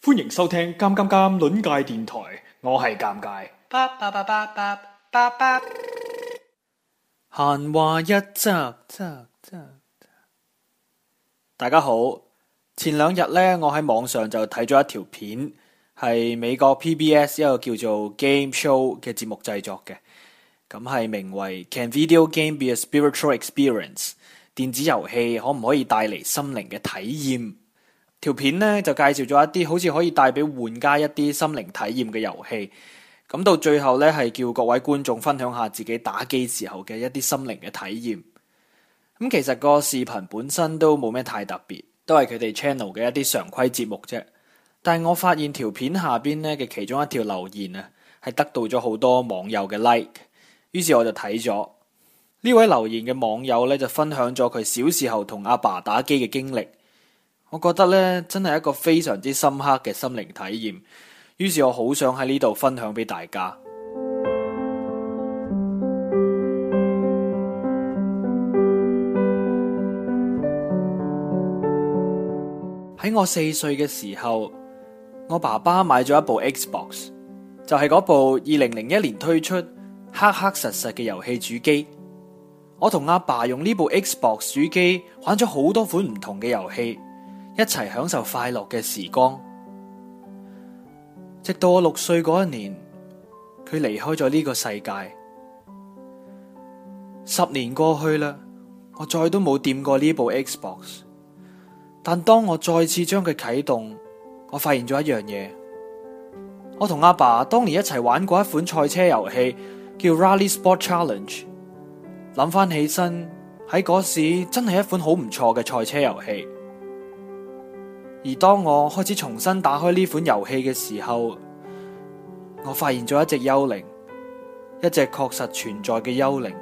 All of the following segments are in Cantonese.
歡迎收聽《尷尷尷》尷界電台，我係尷尬。閒話一集，集，集，集。大家好，前兩日呢，我喺網上就睇咗一條片，係美國 PBS 一個叫做《Game Show》嘅節目製作嘅，咁係名為《Can Video Game Be a Spiritual Experience》？電子遊戲可唔可以帶嚟心靈嘅體驗？條片咧就介紹咗一啲好似可以帶俾玩家一啲心靈體驗嘅遊戲，咁到最後咧係叫各位觀眾分享下自己打機時候嘅一啲心靈嘅體驗。咁其實個視頻本身都冇咩太特別，都係佢哋 channel 嘅一啲常規節目啫。但係我發現條片下邊咧嘅其中一條留言啊，係得到咗好多網友嘅 like，於是我就睇咗呢位留言嘅網友咧就分享咗佢小時候同阿爸打機嘅經歷。我覺得咧真係一個非常之深刻嘅心靈體驗，於是我好想喺呢度分享俾大家。喺我四歲嘅時候，我爸爸買咗一部 Xbox，就係嗰部二零零一年推出黑黑實實嘅遊戲主機。我同阿爸用呢部 Xbox 主機玩咗好多款唔同嘅遊戲。一齊享受快樂嘅時光，直到我六歲嗰一年，佢離開咗呢個世界。十年過去啦，我再都冇掂過呢部 Xbox。但當我再次將佢啟動，我發現咗一樣嘢：我同阿爸，爸當年一齊玩過一款賽車遊戲，叫 Rally Sport Challenge。諗翻起身，喺嗰時真係一款好唔錯嘅賽車遊戲。而當我開始重新打開呢款遊戲嘅時候，我發現咗一隻幽靈，一隻確實存在嘅幽靈。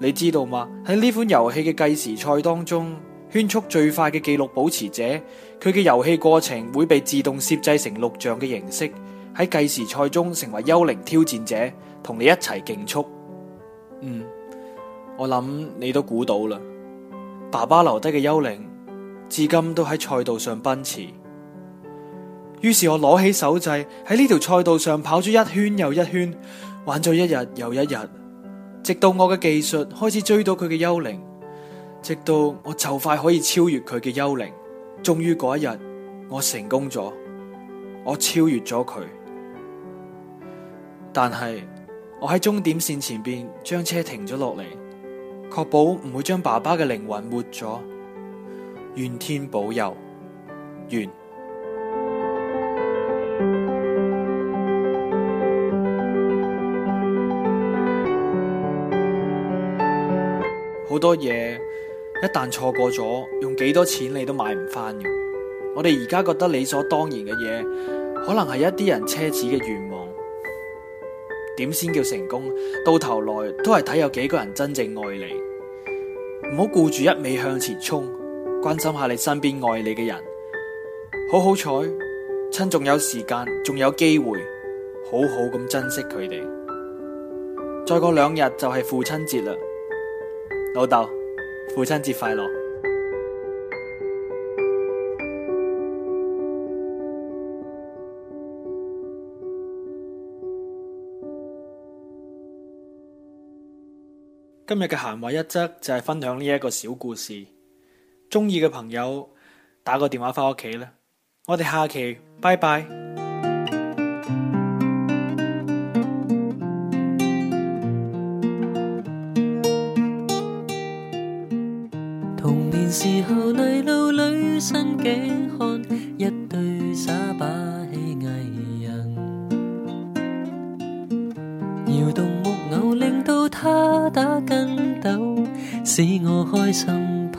你知道嗎？喺呢款遊戲嘅計時賽當中，圈速最快嘅記錄保持者，佢嘅遊戲過程會被自動攝製成錄像嘅形式，喺計時賽中成為幽靈挑戰者，同你一齊競速。嗯，我諗你都估到啦，爸爸留低嘅幽靈。至今都喺賽道上奔馳，於是我攞起手掣喺呢條賽道上跑咗一圈又一圈，玩咗一日又一日，直到我嘅技術開始追到佢嘅幽靈，直到我就快可以超越佢嘅幽靈，終於嗰一日我成功咗，我超越咗佢，但係我喺終點線前邊將車停咗落嚟，確保唔會將爸爸嘅靈魂抹咗。願天保佑，願。好多嘢一旦錯過咗，用幾多錢你都買唔翻。我哋而家覺得理所當然嘅嘢，可能係一啲人奢侈嘅願望。點先叫成功？到頭來都係睇有幾個人真正愛你。唔好顧住一味向前衝。關心下你身邊愛你嘅人，好好彩，趁仲有時間，仲有機會，好好咁珍惜佢哋。再過兩日就係父親節啦，老豆，父親節快樂！今日嘅閒話一則就係分享呢一個小故事。中意嘅朋友，打個電話返屋企啦！我哋下期拜拜。童年時候泥路裏伸頸看一對耍把戲藝人，搖動木偶令到他打斤斗，使我開心。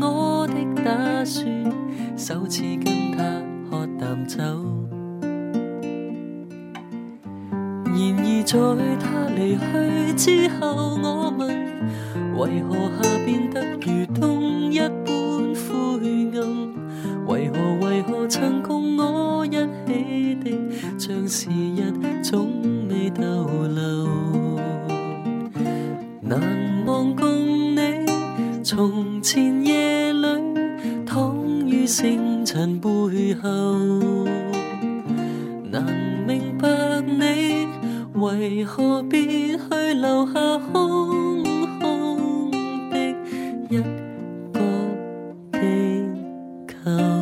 我的打算，首次跟他喝淡酒。然而在他離去之後，我問，為何夏變得如冬？星辰背後，能明白你為何別去，留下空空的一個地球。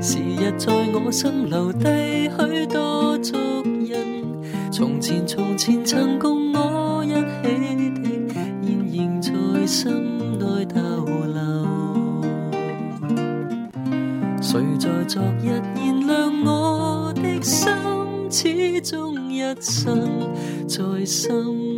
時日在我心留低許多足印，從前從前曾共我一起的，現仍在心內逗留。誰在昨日燃亮我的心？始終一生在心。